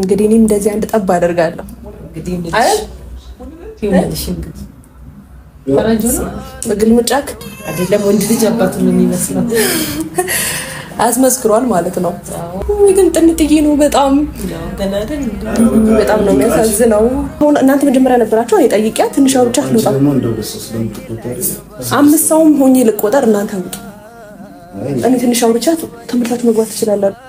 እንግዲህ እኔም እንደዚህ አንድ ጠብ አደርጋለሁ። ግልምጫክ አይደለም ወንድ ልጅ አባቱ ነው የሚመስለው። አስመስክሯል ማለት ነው። ግን ጥንጥዬ ነው በጣም በጣም ነው የሚያሳዝነው። አሁን እናንተ መጀመሪያ ነበራቸው። እኔ ጠይቂያ ትንሽ አውርቻት ልውጣ። አምስት ሰውም ሆኜ ልቆጠር። እናንተ ውጡ። እኔ ትንሽ አውርቻ ትምህርታችሁ መግባት ትችላላችሁ።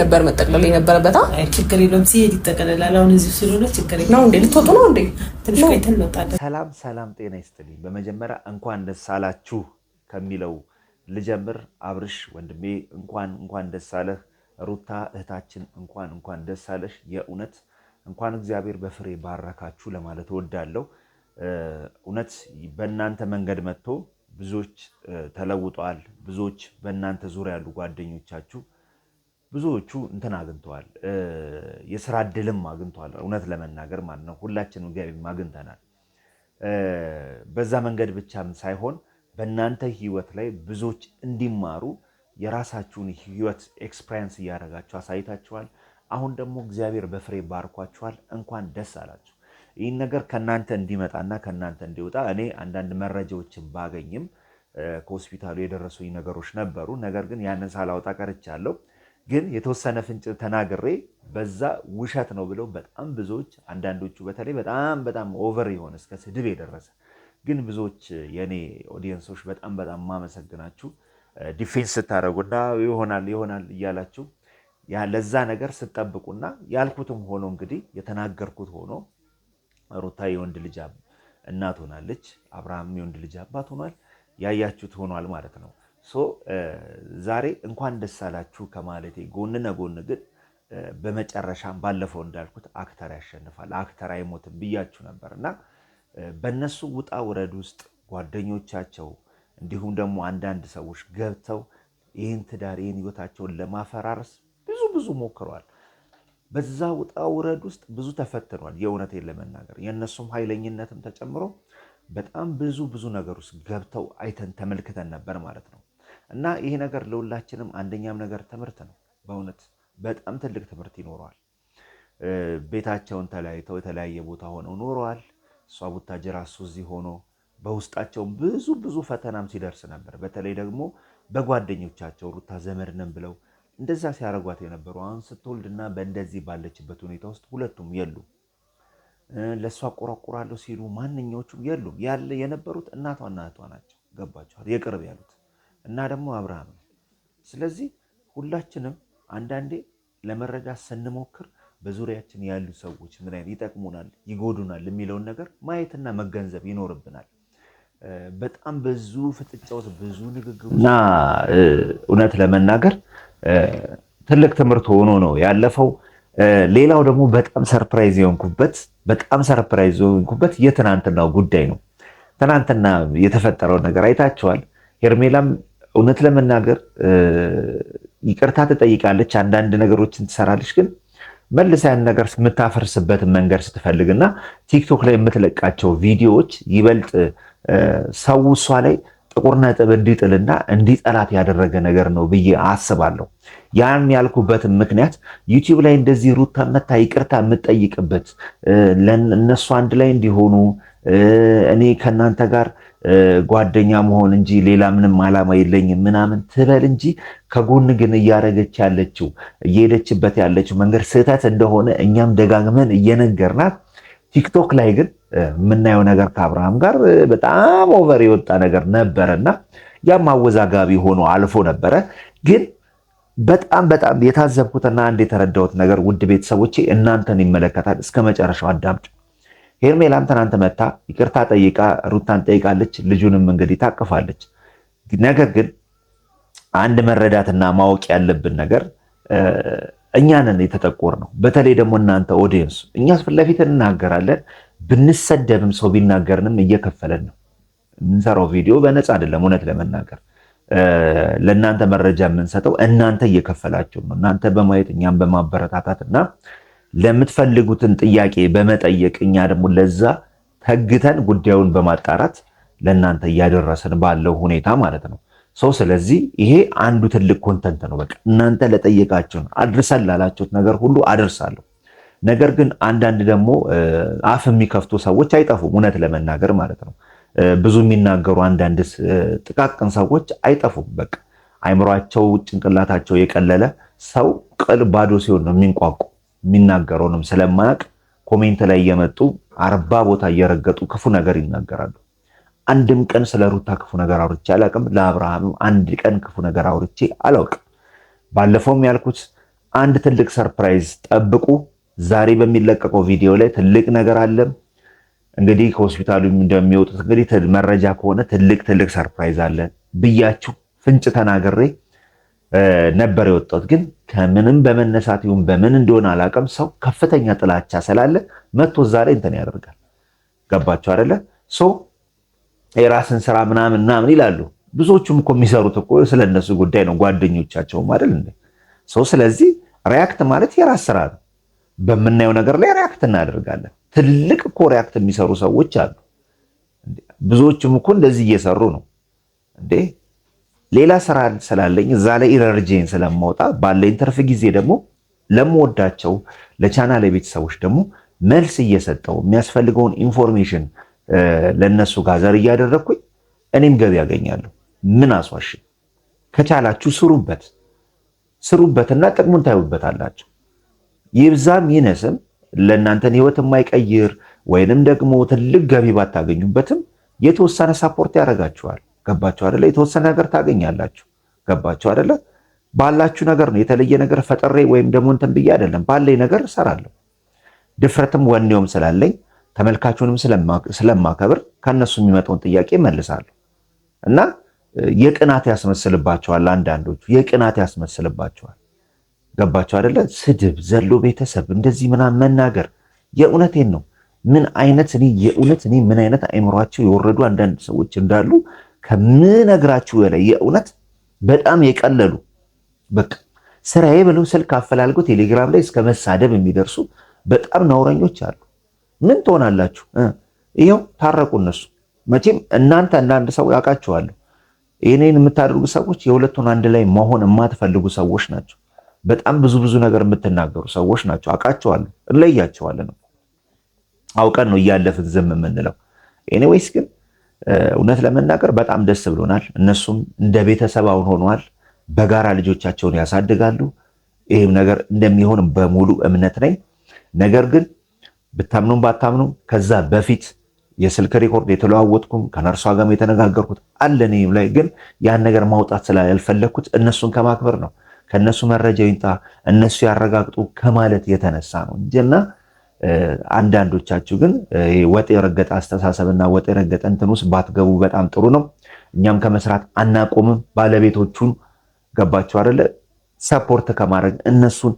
ነበር መጠቅለል የነበረበት። ችግር የለውም ሲሄድ ይጠቀለላል። አሁን እዚሁ ስለሆነ ችግር ነው እንዴ? ልትወጡ ነው እንዴ? ትንሽ ቆይተን እንወጣለን። ሰላም ሰላም፣ ጤና ይስጥልኝ። በመጀመሪያ እንኳን ደስ አላችሁ ከሚለው ልጀምር። አብርሽ ወንድሜ እንኳን እንኳን ደስ አለህ። ሩታ እህታችን እንኳን እንኳን ደስ አለሽ። የእውነት እንኳን እግዚአብሔር በፍሬ ባረካችሁ ለማለት እወዳለሁ። እውነት በእናንተ መንገድ መጥቶ ብዙዎች ተለውጠዋል። ብዙዎች በእናንተ ዙሪያ ያሉ ጓደኞቻችሁ ብዙዎቹ እንትን አግኝተዋል፣ የስራ እድልም አግኝተዋል። እውነት ለመናገር ማለት ነው ሁላችንም ገቢም አግኝተናል። በዛ መንገድ ብቻም ሳይሆን በእናንተ ህይወት ላይ ብዙዎች እንዲማሩ የራሳችሁን ህይወት ኤክስፔሪንስ እያደረጋችሁ አሳይታችኋል። አሁን ደግሞ እግዚአብሔር በፍሬ ባርኳችኋል። እንኳን ደስ አላችሁ። ይህን ነገር ከእናንተ እንዲመጣና ከእናንተ እንዲወጣ እኔ አንዳንድ መረጃዎችን ባገኝም ከሆስፒታሉ የደረሱኝ ነገሮች ነበሩ። ነገር ግን ያንን ሳላወጣ ቀርቻለሁ። ግን የተወሰነ ፍንጭ ተናግሬ በዛ ውሸት ነው ብለው በጣም ብዙዎች አንዳንዶቹ በተለይ በጣም በጣም ኦቨር የሆነ እስከ ስድብ የደረሰ ግን ብዙዎች የእኔ ኦዲየንሶች በጣም በጣም ማመሰግናችሁ ዲፌንስ ስታደረጉና ይሆናል ይሆናል እያላችሁ ለዛ ነገር ስጠብቁና ያልኩትም ሆኖ እንግዲህ የተናገርኩት ሆኖ ሩታ የወንድ ልጅ እናት ሆናለች፣ አብርሃም የወንድ ልጅ አባት ሆኗል። ያያችሁት ሆኗል ማለት ነው። ሶ ዛሬ እንኳን ደስ አላችሁ ከማለቴ ጎንና ጎን ግን በመጨረሻም ባለፈው እንዳልኩት አክተር ያሸንፋል፣ አክተር አይሞትም ብያችሁ ነበር እና በእነሱ ውጣ ውረድ ውስጥ ጓደኞቻቸው እንዲሁም ደግሞ አንዳንድ ሰዎች ገብተው ይህን ትዳር ይህን ህይወታቸውን ለማፈራረስ ብዙ ብዙ ሞክረዋል። በዛ ውጣ ውረድ ውስጥ ብዙ ተፈትኗል። የእውነቴን ለመናገር የእነሱም ኃይለኝነትም ተጨምሮ በጣም ብዙ ብዙ ነገር ውስጥ ገብተው አይተን ተመልክተን ነበር ማለት ነው። እና ይሄ ነገር ለሁላችንም አንደኛም ነገር ትምህርት ነው። በእውነት በጣም ትልቅ ትምህርት ይኖረዋል። ቤታቸውን ተለያይተው የተለያየ ቦታ ሆነው ኖረዋል። እሷ ቡታጅራ እሱ እዚህ ሆኖ በውስጣቸው ብዙ ብዙ ፈተናም ሲደርስ ነበር። በተለይ ደግሞ በጓደኞቻቸው ሩታ ዘመድ ነን ብለው እንደዛ ሲያረጓት የነበሩ አሁን ስትወልድና በእንደዚህ ባለችበት ሁኔታ ውስጥ ሁለቱም የሉም። ለእሷ አቆራቆራለሁ ሲሉ ማንኛዎቹም የሉም። ያለ የነበሩት እናቷ እናቷ ናቸው። ገባችኋል? የቅርብ ያሉት እና ደግሞ አብርሃም ነው። ስለዚህ ሁላችንም አንዳንዴ ለመረዳት ስንሞክር በዙሪያችን ያሉ ሰዎች ምን አይነት ይጠቅሙናል፣ ይጎዱናል የሚለውን ነገር ማየትና መገንዘብ ይኖርብናል። በጣም ብዙ ፍጥጫ ውስጥ ብዙ ንግግር እና እውነት ለመናገር ትልቅ ትምህርት ሆኖ ነው ያለፈው። ሌላው ደግሞ በጣም ሰርፕራይዝ የሆንኩበት በጣም ሰርፕራይዝ የሆንኩበት የትናንትናው ጉዳይ ነው። ትናንትና የተፈጠረው ነገር አይታችኋል። ሄርሜላም እውነት ለመናገር ይቅርታ ትጠይቃለች፣ አንዳንድ ነገሮችን ትሰራለች። ግን መልሳ ያን ነገር የምታፈርስበትን መንገድ ስትፈልግ እና ቲክቶክ ላይ የምትለቃቸው ቪዲዮዎች ይበልጥ ሰው እሷ ላይ ጥቁር ነጥብ እንዲጥልና እንዲጠላት ያደረገ ነገር ነው ብዬ አስባለሁ። ያን ያልኩበትን ምክንያት ዩቲዩብ ላይ እንደዚህ ሩታ መታ ይቅርታ የምትጠይቅበት ለእነሱ አንድ ላይ እንዲሆኑ እኔ ከእናንተ ጋር ጓደኛ መሆን እንጂ ሌላ ምንም ዓላማ የለኝም ምናምን ትበል እንጂ ከጎን ግን እያደረገች ያለችው እየሄደችበት ያለችው መንገድ ስህተት እንደሆነ እኛም ደጋግመን እየነገርናት ቲክቶክ ላይ ግን የምናየው ነገር ከአብርሃም ጋር በጣም ኦቨር የወጣ ነገር ነበረና ያም አወዛጋቢ ሆኖ አልፎ ነበረ ግን በጣም በጣም የታዘብኩትና አንድ የተረዳሁት ነገር ውድ ቤተሰቦቼ እናንተን ይመለከታል። እስከ መጨረሻው አዳምጡ። ሄርሜላም ትናንት መታ ይቅርታ ጠይቃ ሩታን ጠይቃለች። ልጁንም እንግዲህ ታቅፋለች። ነገር ግን አንድ መረዳትና ማወቅ ያለብን ነገር እኛንን የተጠቆር ነው። በተለይ ደግሞ እናንተ ኦዲየንሱ፣ እኛ ፊት ለፊት እንናገራለን። ብንሰደብም ሰው ቢናገርንም እየከፈለን ነው የምንሰራው። ቪዲዮ በነፃ አይደለም። እውነት ለመናገር ለእናንተ መረጃ የምንሰጠው እናንተ እየከፈላችሁ ነው። እናንተ በማየት እኛም በማበረታታት እና ለምትፈልጉትን ጥያቄ በመጠየቅ እኛ ደግሞ ለዛ ተግተን ጉዳዩን በማጣራት ለእናንተ እያደረስን ባለው ሁኔታ ማለት ነው። ሰው ስለዚህ ይሄ አንዱ ትልቅ ኮንተንት ነው። በቃ እናንተ ለጠየቃችሁን አድርሰን ላላችሁት ነገር ሁሉ አደርሳለሁ። ነገር ግን አንዳንድ ደግሞ አፍ የሚከፍቱ ሰዎች አይጠፉም፣ እውነት ለመናገር ማለት ነው። ብዙ የሚናገሩ አንዳንድ ጥቃቅን ሰዎች አይጠፉም። በቃ አይምሯቸው፣ ጭንቅላታቸው የቀለለ ሰው ቅል ባዶ ሲሆን ነው የሚንቋቁ የሚናገረውንም ስለማያውቅ ኮሜንት ላይ እየመጡ አርባ ቦታ እየረገጡ ክፉ ነገር ይናገራሉ። አንድም ቀን ስለ ሩታ ክፉ ነገር አውርቼ አላውቅም። ለአብርሃም አንድ ቀን ክፉ ነገር አውርቼ አላውቅም። ባለፈውም ያልኩት አንድ ትልቅ ሰርፕራይዝ ጠብቁ። ዛሬ በሚለቀቀው ቪዲዮ ላይ ትልቅ ነገር አለ። እንግዲህ ከሆስፒታሉ እንደሚወጡት እንግዲህ መረጃ ከሆነ ትልቅ ትልቅ ሰርፕራይዝ አለ ብያችሁ ፍንጭ ተናግሬ ነበር የወጣሁት። ግን ከምንም በመነሳት ይሁን በምን እንደሆነ አላውቅም፣ ሰው ከፍተኛ ጥላቻ ስላለ መቶ እዛ ላይ እንትን ያደርጋል። ገባችሁ አይደለ? የራስን ስራ ምናምን ምናምን ይላሉ። ብዙዎቹም እኮ የሚሰሩት እኮ ስለነሱ ጉዳይ ነው፣ ጓደኞቻቸውም አይደል እንዴ? ሰው ስለዚህ ሪያክት ማለት የራስ ስራ ነው። በምናየው ነገር ላይ ሪያክት እናደርጋለን። ትልቅ እኮ ሪያክት የሚሰሩ ሰዎች አሉ። ብዙዎቹም እኮ እንደዚህ እየሰሩ ነው እንዴ ሌላ ስራ ስላለኝ እዛ ላይ ኢነርጂን ስለማውጣ ባለኝ ተርፍ ጊዜ ደግሞ ለምወዳቸው ለቻናል ቤተሰቦች ደግሞ መልስ እየሰጠው የሚያስፈልገውን ኢንፎርሜሽን ለእነሱ ጋር ዘር እያደረግኩኝ እኔም ገቢ ያገኛሉ። ምን አስዋሽ ከቻላችሁ ስሩበት፣ ስሩበትና ጥቅሙን ታዩበታላችሁ። ይብዛም ይነስም ለእናንተን ህይወት የማይቀይር ወይንም ደግሞ ትልቅ ገቢ ባታገኙበትም የተወሰነ ሳፖርት ያደርጋችኋል። ገባችሁ አደለ? የተወሰነ ነገር ታገኛላችሁ። ገባችሁ አደለ? ባላችሁ ነገር ነው። የተለየ ነገር ፈጠሬ ወይም ደግሞ እንትን ብዬ አይደለም። ባለኝ ነገር እሰራለሁ። ድፍረትም ወኔውም ስላለኝ ተመልካቹንም ስለማከብር ከእነሱ የሚመጣውን ጥያቄ መልሳለሁ እና የቅናት ያስመስልባቸዋል። አንዳንዶቹ የቅናት ያስመስልባቸዋል። ገባቸው አደለ? ስድብ፣ ዘሎ ቤተሰብ እንደዚህ ምናምን መናገር የእውነቴን ነው። ምን አይነት እኔ የእውነት እኔ ምን አይነት አእምሯቸው የወረዱ አንዳንድ ሰዎች እንዳሉ ከምነግራችሁ በላይ የእውነት በጣም የቀለሉ በቃ ስራዬ ብለው ስልክ አፈላልገው ቴሌግራም ላይ እስከ መሳደብ የሚደርሱ በጣም ነውረኞች አሉ። ምን ትሆናላችሁ? ይኸው ታረቁ። እነሱ መቼም እናንተ አንዳንድ ሰው ያውቃችኋለሁ። ይህንን የምታደርጉ ሰዎች የሁለቱን አንድ ላይ መሆን የማትፈልጉ ሰዎች ናቸው። በጣም ብዙ ብዙ ነገር የምትናገሩ ሰዎች ናቸው። አውቃችኋለሁ። እንለያቸዋለን። አውቀን ነው እያለፍን ዝም የምንለው። ኤኒዌይስ ግን እውነት ለመናገር በጣም ደስ ብሎናል። እነሱም እንደ ቤተሰብ አሁን ሆኗል። በጋራ ልጆቻቸውን ያሳድጋሉ። ይህም ነገር እንደሚሆን በሙሉ እምነት ነኝ። ነገር ግን ብታምኑም ባታምኑም ከዛ በፊት የስልክ ሪኮርድ የተለዋወጥኩም ከነርሷ ጋር የተነጋገርኩት አለንም ላይ ግን ያን ነገር ማውጣት ስላልፈለግኩት እነሱን ከማክበር ነው ከእነሱ መረጃ ይንጣ እነሱ ያረጋግጡ ከማለት የተነሳ ነው እንጂና አንዳንዶቻችሁ ግን ወጥ የረገጠ አስተሳሰብና ወጥ የረገጠ እንትን ውስጥ ባትገቡ በጣም ጥሩ ነው። እኛም ከመስራት አናቆምም። ባለቤቶቹን ገባችሁ አደለ? ሰፖርት ከማድረግ እነሱን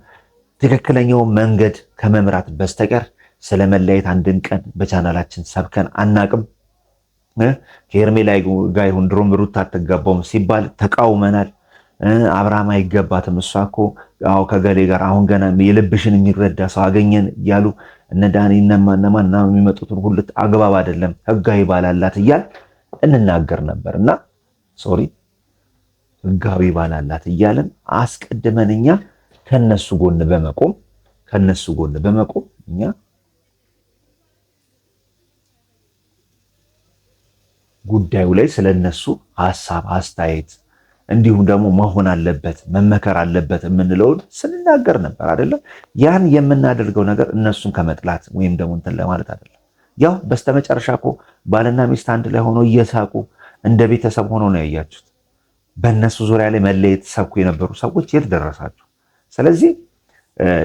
ትክክለኛው መንገድ ከመምራት በስተቀር ስለ መለያየት አንድን ቀን በቻናላችን ሰብከን አናቅም። ከሄርሜላ ጋ ይሁን ድሮም ሩት አትገባውም ሲባል ተቃውመናል። አብርሃም አይገባትም፣ እሷ እኮ አዎ ከገሌ ጋር አሁን ገና የልብሽን የሚረዳ ሰው አገኘን እያሉ እነ ዳኒ እነማነማን እና የሚመጡትን ሁሉ አግባብ አይደለም ህጋዊ ባላላት እያል እንናገር ነበር እና ሶሪ ህጋዊ ባላላት እያለን አስቀድመን እኛ ከነሱ ጎን በመቆም ከነሱ ጎን በመቆም እኛ ጉዳዩ ላይ ስለነሱ ሀሳብ አስተያየት እንዲሁም ደግሞ መሆን አለበት መመከር አለበት የምንለውን ስንናገር ነበር አይደለም። ያን የምናደርገው ነገር እነሱን ከመጥላት ወይም ደግሞ እንትን ለማለት አይደለም። ያው በስተመጨረሻ እኮ ባልና ሚስት አንድ ላይ ሆኖ እየሳቁ እንደ ቤተሰብ ሆኖ ነው ያያችሁት። በእነሱ ዙሪያ ላይ መለየት ሰብኩ የነበሩ ሰዎች የት ደረሳችሁ? ስለዚህ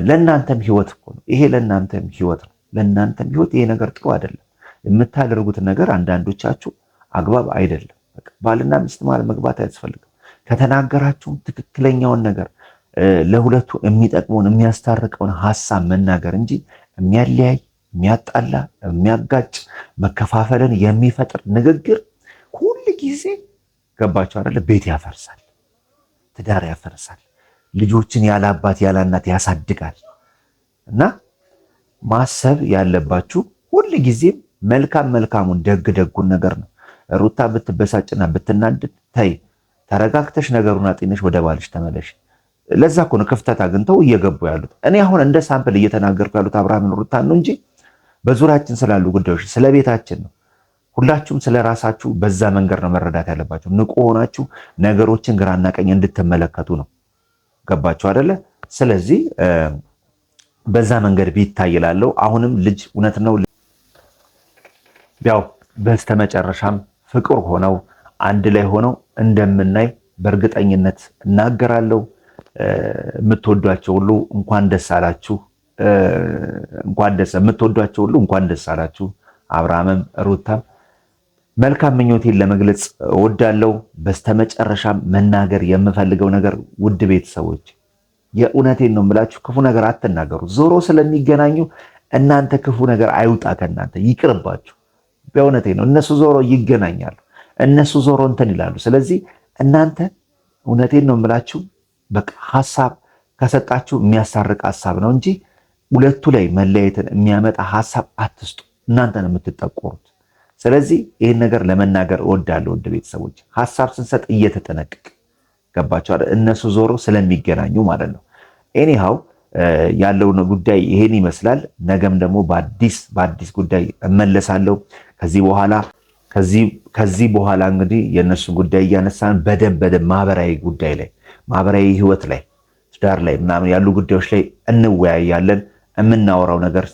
ለእናንተም ህይወት እኮ ነው ይሄ። ለእናንተም ህይወት ነው ለእናንተም ህይወት ይሄ ነገር ጥሩ አይደለም። የምታደርጉት ነገር አንዳንዶቻችሁ አግባብ አይደለም። ባልና ሚስት መሃል መግባት አያስፈልግም። ከተናገራችሁም ትክክለኛውን ነገር ለሁለቱ የሚጠቅመውን የሚያስታርቀውን ሀሳብ መናገር እንጂ የሚያለያይ፣ የሚያጣላ፣ የሚያጋጭ መከፋፈልን የሚፈጥር ንግግር ሁል ጊዜ ገባቸው አይደለ? ቤት ያፈርሳል፣ ትዳር ያፈርሳል፣ ልጆችን ያለ አባት ያለ እናት ያሳድጋል። እና ማሰብ ያለባችሁ ሁል ጊዜም መልካም መልካሙን ደግ ደጉን ነገር ነው። ሩታ ብትበሳጭና ብትናድድ ተይ ተረጋግተሽ ነገሩን አጤነሽ ወደ ባልሽ ተመለሽ። ለዛ እኮ ነው ክፍተት አግኝተው እየገቡ ያሉት። እኔ አሁን እንደ ሳምፕል እየተናገርኩ ያሉት አብርሃምን ሩታን ነው እንጂ በዙሪያችን ስላሉ ጉዳዮች ስለ ቤታችን ነው። ሁላችሁም ስለ ራሳችሁ በዛ መንገድ ነው መረዳት ያለባችሁ። ንቁ ሆናችሁ ነገሮችን ግራና ቀኝ እንድትመለከቱ ነው። ገባችሁ አደለ? ስለዚህ በዛ መንገድ ቢታይላለው። አሁንም ልጅ እውነት ነው። ያው በስተመጨረሻም ፍቅር ሆነው አንድ ላይ ሆነው እንደምናይ በእርግጠኝነት እናገራለሁ። የምትወዷቸው ሁሉ እንኳን ደስ አላችሁ፣ እንኳን ደስ የምትወዷቸው ሁሉ እንኳን ደስ አላችሁ። አብርሃምም ሩታም መልካም ምኞቴን ለመግለጽ እወዳለሁ። በስተመጨረሻም መናገር የምፈልገው ነገር ውድ ቤተሰቦች፣ የእውነቴን ነው የምላችሁ፣ ክፉ ነገር አትናገሩ። ዞሮ ስለሚገናኙ እናንተ ክፉ ነገር አይውጣ ከእናንተ ይቅርባችሁ። በእውነቴ ነው እነሱ ዞሮ ይገናኛሉ። እነሱ ዞሮ እንትን ይላሉ። ስለዚህ እናንተ እውነቴን ነው የምላችሁ፣ በቃ ሀሳብ ከሰጣችሁ የሚያሳርቅ ሀሳብ ነው እንጂ ሁለቱ ላይ መለየትን የሚያመጣ ሀሳብ አትስጡ። እናንተ ነው የምትጠቆሩት። ስለዚህ ይህን ነገር ለመናገር እወዳለሁ። ወደ ቤተሰቦች ሀሳብ ስንሰጥ እየተጠነቀቅ ገባቸዋል። እነሱ ዞሮ ስለሚገናኙ ማለት ነው። ኤኒሃው ያለው ጉዳይ ይሄን ይመስላል። ነገም ደግሞ በአዲስ በአዲስ ጉዳይ እመለሳለሁ ከዚህ በኋላ ከዚህ በኋላ እንግዲህ የእነሱን ጉዳይ እያነሳን በደንብ በደንብ ማህበራዊ ጉዳይ ላይ ማህበራዊ ህይወት ላይ ትዳር ላይ ምናምን ያሉ ጉዳዮች ላይ እንወያያለን። የምናወራው ነገር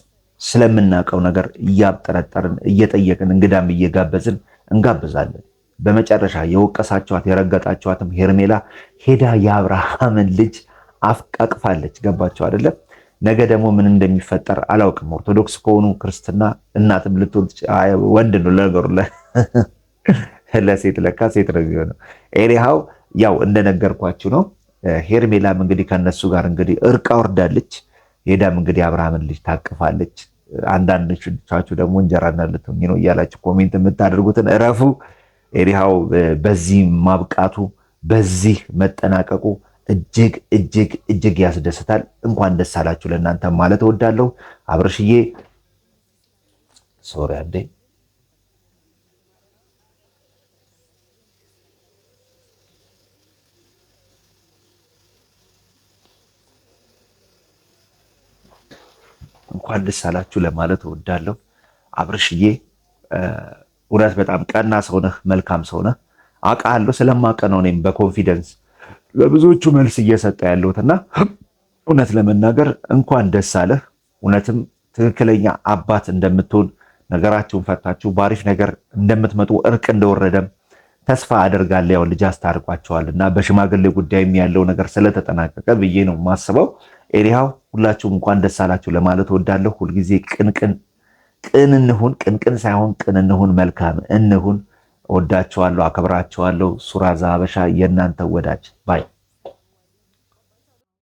ስለምናውቀው ነገር እያጠረጠርን እየጠየቅን እንግዳም እየጋበዝን እንጋብዛለን። በመጨረሻ የወቀሳቸዋት የረገጣቸዋትም ሄርሜላ ሄዳ የአብርሃምን ልጅ አፍቃቅፋለች። ገባቸው አይደለም? ነገ ደግሞ ምን እንደሚፈጠር አላውቅም። ኦርቶዶክስ ከሆኑ ክርስትና እናትም ልትወልድ ወንድ ነው ለነገሩ ለሴት ለካ ሴት ነው የሚሆነው። ኤኒሃው ያው እንደነገርኳችሁ ነው። ሄርሜላም እንግዲህ ከነሱ ጋር እንግዲህ እርቅ አወርዳለች። ሄዳም እንግዲህ አብርሃምን ልጅ ታቅፋለች። አንዳንዶቻችሁ ደግሞ እንጀራ እናልትኝ ነው እያላችሁ ኮሜንት የምታደርጉትን እረፉ። ኤኒሃው በዚህ ማብቃቱ በዚህ መጠናቀቁ እጅግ እጅግ እጅግ ያስደስታል። እንኳን ደስ አላችሁ ለእናንተ ማለት እወዳለሁ። አብርሽዬ ሶሪ አንዴ እንኳን ደስ አላችሁ ለማለት እወዳለሁ። አብርሽዬ እውነት በጣም ቀና ሰው ነህ፣ መልካም ሰው ነህ። አውቃለሁ ስለማውቅ ነው እኔም በኮንፊደንስ በብዙዎቹ መልስ እየሰጠ ያለሁት እና እውነት ለመናገር እንኳን ደስ አለህ። እውነትም ትክክለኛ አባት እንደምትሆን ነገራችሁን ፈታችሁ በአሪፍ ነገር እንደምትመጡ እርቅ እንደወረደም ተስፋ አደርጋለሁ። ያው ልጅ አስታርቋቸዋል እና በሽማግሌ ጉዳይም ያለው ነገር ስለተጠናቀቀ ብዬ ነው የማስበው። ኤሪሃው ሁላችሁም እንኳን ደስ አላችሁ ለማለት ወዳለሁ። ሁልጊዜ ቅንቅን ቅን እንሁን፣ ቅንቅን ሳይሆን ቅን እንሁን፣ መልካም እንሁን። እወዳችኋለሁ፣ አከብራችኋለሁ። ሱራ ዘሀበሻ የእናንተ ወዳጅ ባይ